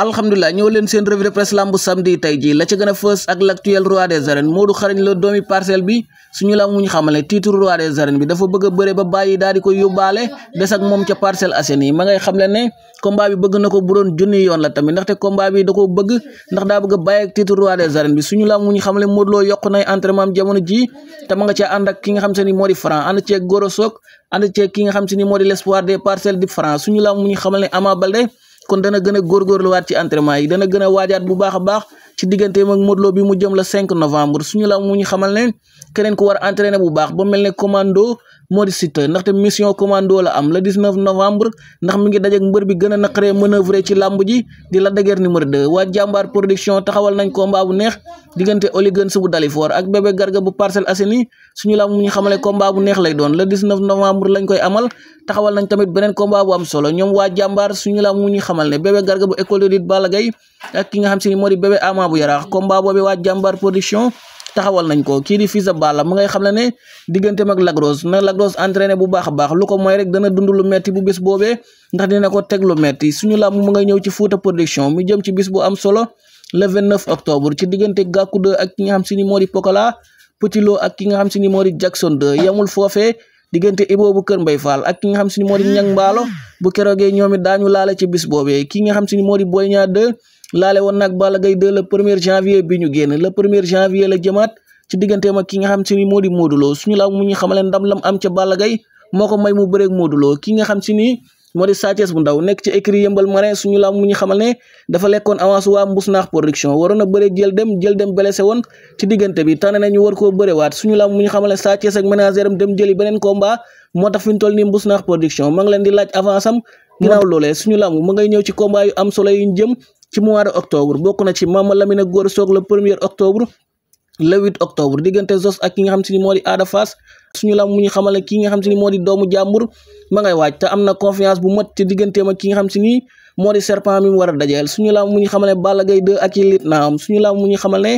alhamdulilah ñëw leen seen revue de presse lambu samedi tey jii la ca gën a fës ak l'actuel roi des arènes Modou xarañ la doomi parcelle bi suñu la muñ xamale dafa bëgg a bëre ba bàyyi daal ko yóbbaale des ak moom ca Parcelles Assainies ne combat bi bëgg na ko bu doon junni yoon la tamit ndaxte combat bi da ko bëgg ndax daa bëgg a bàyyi ak titre roi des arènes bi suñu la muñ xamale Modou Lo yokk nay entraînement am jamono ji te ma nga caa ànd ak ki nga xam se ni moo di Franc ànd ceeg Goro Sock ànd ceeg ki nga xam se ni moo di l'espoir des parcelles di Franc suñu la muñ xamal ne Ama kon dana gën a góorgóorluwaat ci entraînement yi dana gën a waajaat bu baax a baax ci digganteem ak Modou Lo bi mu jëm la 5 novembre suñu la mu ñu xamal ne keneen ku war a entraîner bu baax ba mel commando moo di ndaxte mission commando la am le 19 novembre ndax mi ngi dajeek mbër bi gën a naqaree ci làmb ji di Lac de Guiers numéro 2 waa production taxawal nañ combat bu neex diggante Oliguen bu Dalifor ak bébé garga bu Parcelles Assainies suñu mu doon le 19 novembre lañ koy amal taxawal nañ tamit beneen combat mu ñu xamal ne bébé garga bu école de lutte Balla Gaye ak ki nga xam bu yaraax combat boobi waa jàmbaar production taxawal nañ ko kii di Fils de ngay xam ne ne digganteem ak Lagros na Lagros entraîné bu baax a baax lu ko mooy rek dana dund metti bu bés boobee ndax dina ko teg lu metti suñu làmb mu ngay ñëw ci Fouta production mu jëm ci bis bu am solo le ci diggante Gakou 2 ak ki nga xam si ni moo di Pokola ak ki nga xam si ni moo Jackson 2 yamul foofee diggante Iboo bu Kër Mbay Fall ak ki nga xam si ni moo di Ñang ah. Mbaalo bu keroogee ñoom it daañu laale ci bis boobee ki nga xam si ni moo di Boy Niang 2 laale woon nag Balla Gaye 2 le premier janvier bi ñu génn le premier janvier la jëmaat ci digganteem ak ki nga xam si ni moo di Modou Lo suñu laaw mu ñu xamaleen dam lam am ca Balla Gaye moo ko may mu bëreeg Modou Lo ki nga xam si ni moo di Sa bu ndaw nekk ci écrit yëmbal marin suñu làmb mu ñu xamal ne dafa lekkoon avance waa Mbousnakh production waroon a bëre jël dem jël dem blessé woon ci diggante bi tànn ñu war koo bërewaat suñu làmb mu ñu xamal ne Sa Thiès ak ménagère am dem jëli beneen combat moo tax fi ñu toll nii Mbousnakh production ma ngi leen di laaj avance am ginnaaw loolee suñu làmb ma ngay ñëw ci combat yu am solo yuñ jëm ci mois de octobre bokk na ci Mama Lamine Gor Soog le premier octobre le 8 octobre diggante Zoss ak ki nga xam si ni moo di Ada Fass suñu lam mu ñu xamale ki nga xam si ni moo di doomu jàmbur ma ngay waaj te am na confiance bu mat te digganteem a ki nga xam si ni moo di serpent mi mu war a dajeel suñu lam mu ñu xamal ne Balla Gaye 2 ak yi lit naam suñu lam mu ñu xamal ne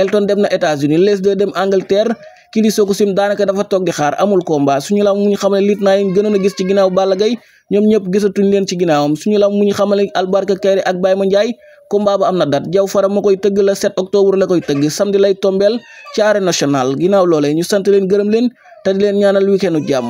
Elton dem na États-Unis les deux dem Angleterre kili soo ko sim daanaka dafa toog di xaar amul combat suñu lam mu ñu xamal ne naa yi gënoon a gis ci ginnaaw Balla Gaye ñoom ñëpp gisatuñ leen ci ginnaawam suñu lam mu ñu xamal ne Albarka Kayré ak Baye Mandiaye combat ba am na date jaw fara ma koy tëgg la 7 octobre la koy tëgg samedi lay tombeel ci arène nationale ginnaaw loolee ñu sant leen gërëm leen te leen ñaanal weekendu jàmm